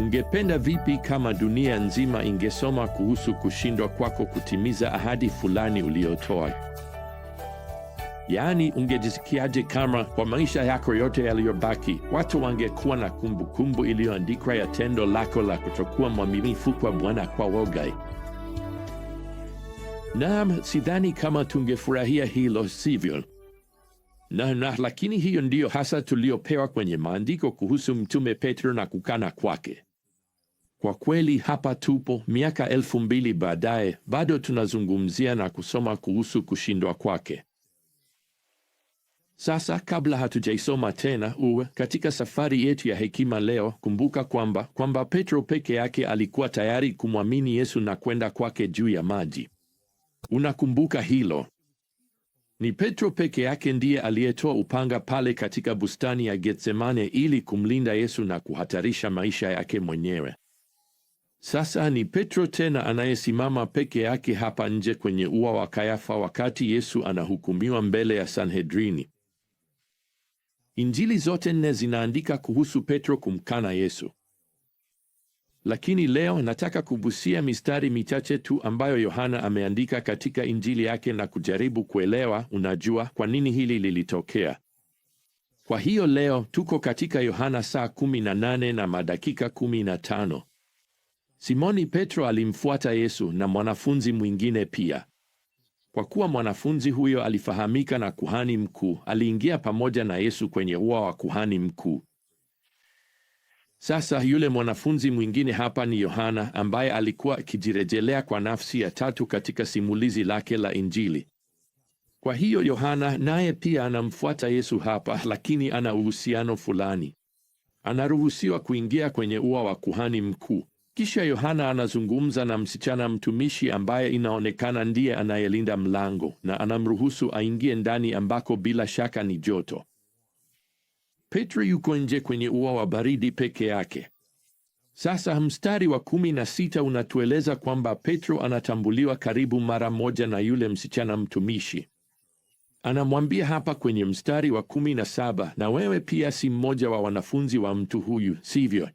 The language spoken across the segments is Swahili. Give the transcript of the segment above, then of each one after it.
Ungependa vipi kama dunia nzima ingesoma kuhusu kushindwa kwako kutimiza ahadi fulani uliyotoa? Yaani, ungejisikiaje kama kwa maisha yako yote yaliyobaki watu wangekuwa na kumbukumbu iliyoandikwa ya tendo lako la kutokuwa mwaminifu kwa Bwana kwa woga? Naam, sidhani kama tungefurahia hilo, sivyo? Na, na lakini hiyo ndiyo hasa tuliyopewa kwenye maandiko kuhusu Mtume Petro na kukana kwake. Kwa kweli hapa tupo miaka elfu mbili baadaye bado tunazungumzia na kusoma kuhusu kushindwa kwake. Sasa, kabla hatujaisoma tena, uwe katika safari yetu ya hekima leo, kumbuka kwamba kwamba Petro peke yake alikuwa tayari kumwamini Yesu na kwenda kwake juu ya maji. Unakumbuka hilo? Ni Petro peke yake ndiye aliyetoa upanga pale katika bustani ya Getsemane ili kumlinda Yesu na kuhatarisha maisha yake mwenyewe. Sasa ni Petro tena anayesimama peke yake hapa nje kwenye ua wa Kayafa wakati Yesu anahukumiwa mbele ya Sanhedrini. Injili zote nne zinaandika kuhusu Petro kumkana Yesu. Lakini leo nataka kugusia mistari michache tu ambayo Yohana ameandika katika Injili yake na kujaribu kuelewa, unajua, kwa nini hili lilitokea. Kwa hiyo leo tuko katika Yohana saa 18 na madakika 15. Simoni Petro alimfuata Yesu na mwanafunzi mwingine pia. Kwa kuwa mwanafunzi huyo alifahamika na kuhani mkuu, aliingia pamoja na Yesu kwenye ua wa kuhani mkuu. Sasa yule mwanafunzi mwingine hapa ni Yohana ambaye alikuwa akijirejelea kwa nafsi ya tatu katika simulizi lake la Injili. Kwa hiyo Yohana naye pia anamfuata Yesu hapa, lakini ana uhusiano fulani. Anaruhusiwa kuingia kwenye ua wa kuhani mkuu. Kisha Yohana anazungumza na msichana mtumishi ambaye inaonekana ndiye anayelinda mlango na anamruhusu aingie ndani ambako bila shaka ni joto. Petro yuko nje kwenye ua wa baridi peke yake. Sasa mstari wa kumi na sita unatueleza kwamba Petro anatambuliwa karibu mara moja na yule msichana mtumishi. Anamwambia hapa kwenye mstari wa kumi na saba, na wewe pia si mmoja wa wanafunzi wa mtu huyu, sivyo?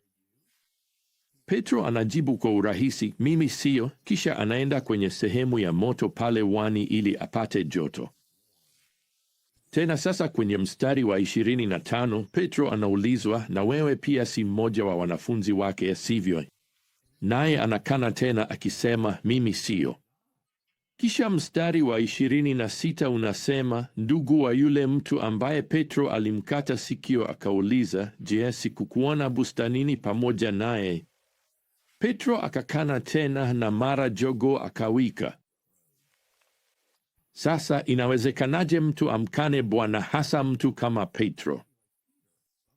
Petro anajibu kwa urahisi, mimi siyo, kisha anaenda kwenye sehemu ya moto pale wani ili apate joto. Tena sasa kwenye mstari wa 25 Petro anaulizwa, na wewe pia si mmoja wa wanafunzi wake, sivyo? Naye anakana tena akisema, mimi siyo. Kisha mstari wa 26 unasema, ndugu wa yule mtu ambaye Petro alimkata sikio akauliza, je, sikukuona bustanini pamoja naye? Petro akakana tena, na mara jogo akawika. Sasa inawezekanaje mtu amkane Bwana, hasa mtu kama Petro?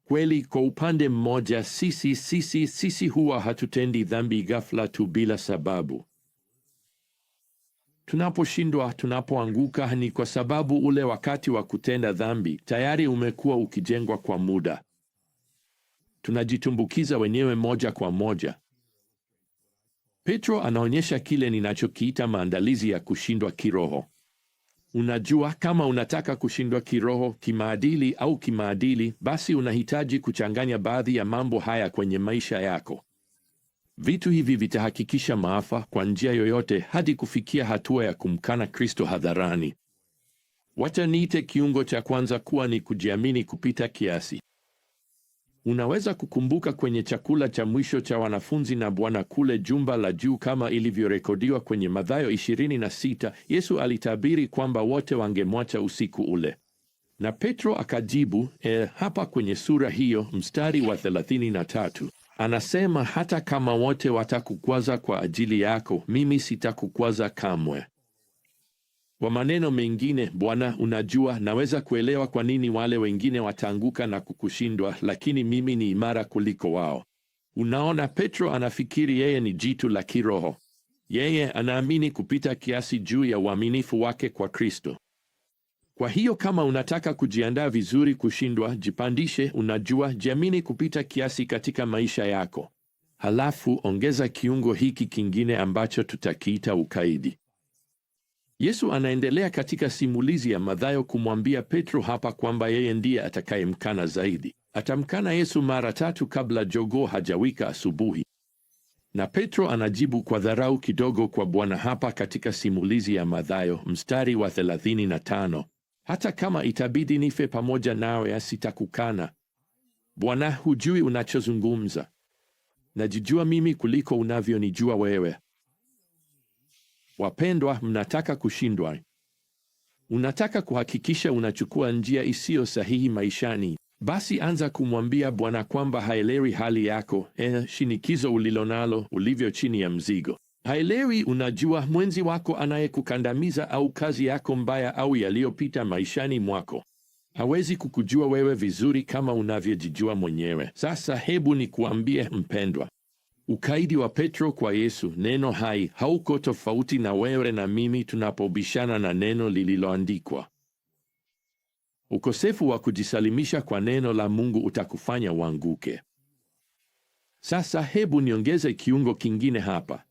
Kweli, kwa upande mmoja, sisi sisi sisi huwa hatutendi dhambi ghafla tu bila sababu. Tunaposhindwa, tunapoanguka, ni kwa sababu ule wakati wa kutenda dhambi tayari umekuwa ukijengwa kwa muda. Tunajitumbukiza wenyewe moja kwa moja. Petro anaonyesha kile ninachokiita maandalizi ya kushindwa kiroho. Unajua, kama unataka kushindwa kiroho, kimaadili au kimaadili, basi unahitaji kuchanganya baadhi ya mambo haya kwenye maisha yako. Vitu hivi vitahakikisha maafa kwa njia yoyote, hadi kufikia hatua ya kumkana Kristo hadharani. Wacha niite kiungo cha kwanza kuwa ni kujiamini kupita kiasi. Unaweza kukumbuka kwenye chakula cha mwisho cha wanafunzi na Bwana kule jumba la juu, kama ilivyorekodiwa kwenye Mathayo 26, Yesu alitabiri kwamba wote wangemwacha usiku ule, na Petro akajibu e, hapa kwenye sura hiyo mstari wa 33 anasema, hata kama wote watakukwaza kwa ajili yako, mimi sitakukwaza kamwe. Kwa maneno mengine, Bwana, unajua, naweza kuelewa kwa nini wale wengine wataanguka na kukushindwa, lakini mimi ni imara kuliko wao. Unaona, Petro anafikiri yeye ni jitu la kiroho. Yeye anaamini kupita kiasi juu ya uaminifu wake kwa Kristo. Kwa hiyo kama unataka kujiandaa vizuri kushindwa, jipandishe, unajua, jiamini kupita kiasi katika maisha yako. Halafu ongeza kiungo hiki kingine ambacho tutakiita ukaidi. Yesu anaendelea katika simulizi ya Mathayo kumwambia Petro hapa kwamba yeye ndiye atakayemkana zaidi. Atamkana Yesu mara tatu kabla jogoo hajawika asubuhi. Na Petro anajibu kwa dharau kidogo kwa Bwana hapa katika simulizi ya Mathayo mstari wa 35, hata kama itabidi nife pamoja nawe, sitakukana. Bwana, hujui unachozungumza. Najijua mimi kuliko unavyonijua wewe. Wapendwa, mnataka kushindwa? Unataka kuhakikisha unachukua njia isiyo sahihi maishani? Basi anza kumwambia Bwana kwamba haelewi hali yako, eh, shinikizo ulilonalo, ulivyo chini ya mzigo. Haelewi, unajua, mwenzi wako anayekukandamiza au kazi yako mbaya au yaliyopita maishani mwako. Hawezi kukujua wewe vizuri kama unavyojijua mwenyewe. Sasa hebu nikuambie mpendwa, Ukaidi wa Petro kwa Yesu, neno hai, hauko tofauti na wewe na mimi tunapobishana na neno lililoandikwa. Ukosefu wa kujisalimisha kwa neno la Mungu utakufanya uanguke. Sasa hebu niongeze kiungo kingine hapa.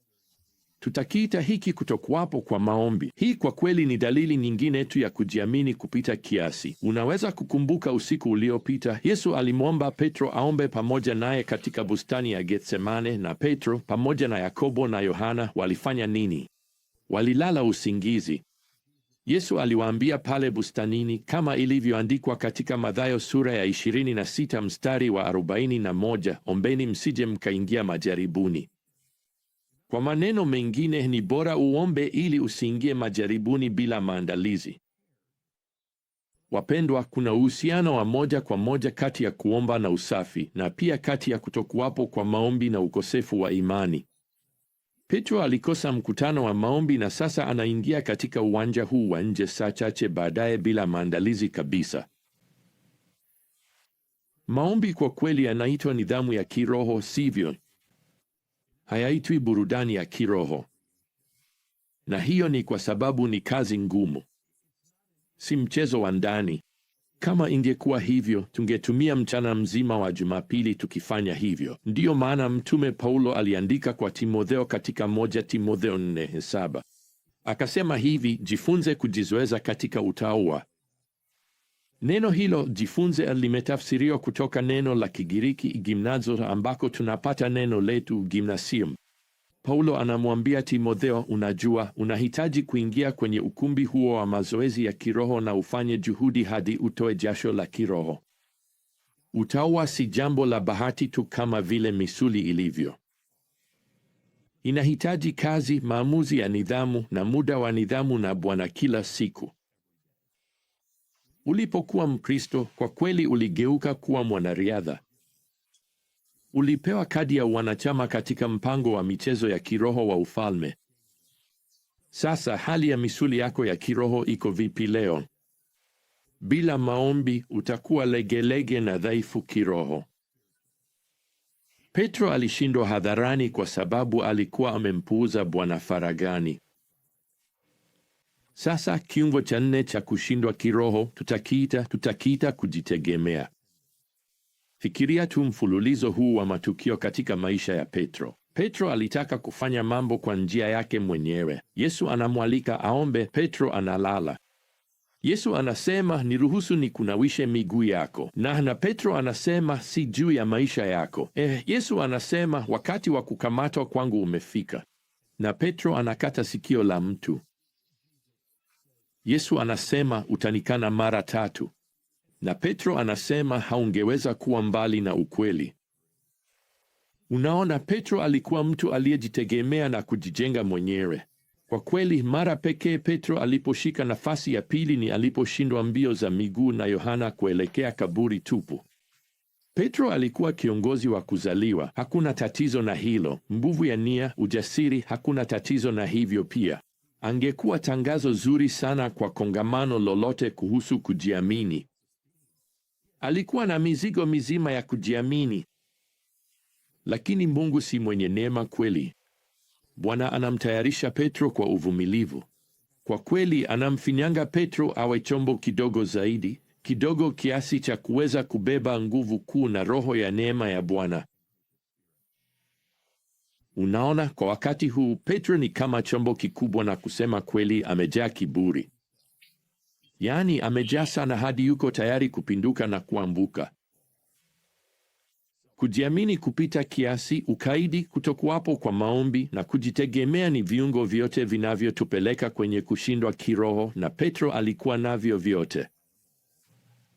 Tutakiita hiki kutokuwapo kwa maombi. Hii kwa kweli ni dalili nyingine tu ya kujiamini kupita kiasi. Unaweza kukumbuka usiku uliopita, Yesu alimwomba Petro aombe pamoja naye katika bustani ya Getsemane, na Petro pamoja na Yakobo na Yohana walifanya nini? Walilala usingizi. Yesu aliwaambia pale bustanini, kama ilivyoandikwa katika Mathayo sura ya 26 mstari wa 41, ombeni msije mkaingia majaribuni. Kwa maneno mengine, ni bora uombe ili usiingie majaribuni bila maandalizi. Wapendwa, kuna uhusiano wa moja kwa moja kati ya kuomba na usafi na pia kati ya kutokuwapo kwa maombi na ukosefu wa imani. Petro alikosa mkutano wa maombi na sasa anaingia katika uwanja huu wa nje saa chache baadaye bila maandalizi kabisa. Maombi kwa kweli yanaitwa nidhamu ya kiroho, sivyo? hayaitwi burudani ya kiroho, na hiyo ni kwa sababu ni kazi ngumu, si mchezo wa ndani. Kama ingekuwa hivyo, tungetumia mchana mzima wa Jumapili tukifanya hivyo. Ndiyo maana Mtume Paulo aliandika kwa Timotheo katika moja Timotheo 4:7 akasema hivi, jifunze kujizoeza katika utawa Neno hilo jifunze limetafsiriwa kutoka neno la Kigiriki gimnazo, ambako tunapata neno letu gymnasium. Paulo anamwambia Timotheo, unajua, unahitaji kuingia kwenye ukumbi huo wa mazoezi ya kiroho na ufanye juhudi hadi utoe jasho la kiroho. Utaua si jambo la bahati tu kama vile misuli ilivyo. Inahitaji kazi, maamuzi ya nidhamu na muda wa nidhamu na Bwana kila siku. Ulipokuwa Mkristo kwa kweli uligeuka kuwa mwanariadha. Ulipewa kadi ya wanachama katika mpango wa michezo ya kiroho wa ufalme. Sasa hali ya misuli yako ya kiroho iko vipi leo? Bila maombi utakuwa legelege na dhaifu kiroho. Petro alishindwa hadharani kwa sababu alikuwa amempuuza Bwana faragani. Sasa kiungo cha nne cha kushindwa kiroho tutakiita tutakiita kujitegemea. Fikiria tu mfululizo huu wa matukio katika maisha ya Petro. Petro alitaka kufanya mambo kwa njia yake mwenyewe. Yesu anamwalika aombe, Petro analala. Yesu anasema niruhusu nikunawishe miguu yako, na na Petro anasema si juu ya maisha yako. Eh, Yesu anasema wakati wa kukamatwa kwangu umefika, na Petro anakata sikio la mtu. Yesu anasema utanikana mara tatu, na Petro anasema haungeweza kuwa mbali na ukweli. Unaona, Petro alikuwa mtu aliyejitegemea na kujijenga mwenyewe. Kwa kweli, mara pekee Petro aliposhika nafasi ya pili ni aliposhindwa mbio za miguu na Yohana kuelekea kaburi tupu. Petro alikuwa kiongozi wa kuzaliwa, hakuna tatizo na hilo. Mbuvu ya nia, ujasiri, hakuna tatizo na hivyo pia. Angekuwa tangazo zuri sana kwa kongamano lolote kuhusu kujiamini. Alikuwa na mizigo mizima ya kujiamini. Lakini Mungu si mwenye neema kweli. Bwana anamtayarisha Petro kwa uvumilivu. Kwa kweli anamfinyanga Petro awe chombo kidogo zaidi, kidogo kiasi cha kuweza kubeba nguvu kuu na roho ya neema ya Bwana. Unaona, kwa wakati huu Petro ni kama chombo kikubwa, na kusema kweli, amejaa kiburi, yaani amejaa sana hadi yuko tayari kupinduka na kuambuka. Kujiamini kupita kiasi, ukaidi, kutokuwapo kwa maombi na kujitegemea ni viungo vyote vinavyotupeleka kwenye kushindwa kiroho, na Petro alikuwa navyo vyote.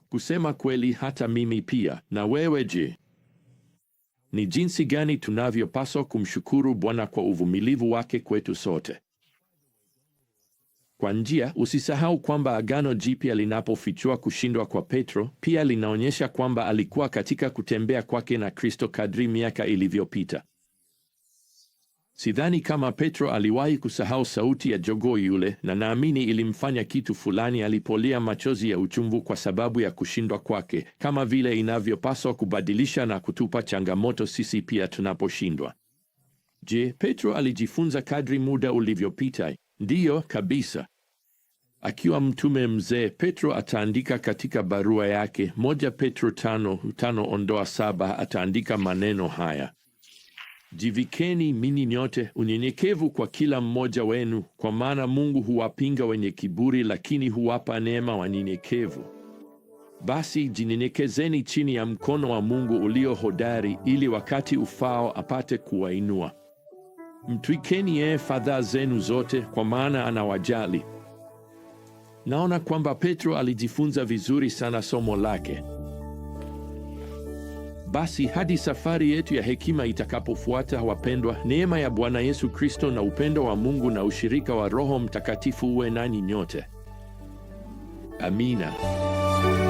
Kusema kweli, hata mimi pia. Na wewe je? ni jinsi gani tunavyopaswa kumshukuru Bwana kwa uvumilivu wake kwetu sote. Kwa njia, usisahau kwamba Agano Jipya linapofichua kushindwa kwa Petro, pia linaonyesha kwamba alikuwa katika kutembea kwake na Kristo kadri miaka ilivyopita. Sidhani kama Petro aliwahi kusahau sauti ya jogoo yule, na naamini ilimfanya kitu fulani alipolia machozi ya uchungu kwa sababu ya kushindwa kwake, kama vile inavyopaswa kubadilisha na kutupa changamoto sisi pia tunaposhindwa. Je, Petro alijifunza kadri muda ulivyopita? Ndiyo kabisa. Akiwa mtume mzee, Petro ataandika katika barua yake moja Petro tano tano ondoa saba ataandika maneno haya Jivikeni mini nyote unyenyekevu kwa kila mmoja wenu, kwa maana Mungu huwapinga wenye kiburi, lakini huwapa neema wanyenyekevu. Basi jinyenyekezeni chini ya mkono wa Mungu ulio hodari, ili wakati ufao apate kuwainua. Mtwikeni yeye fadhaa zenu zote, kwa maana anawajali. Naona kwamba Petro alijifunza vizuri sana somo lake. Basi hadi safari yetu ya hekima itakapofuata, wapendwa, neema ya Bwana Yesu Kristo na upendo wa Mungu na ushirika wa Roho Mtakatifu uwe nani nyote. Amina.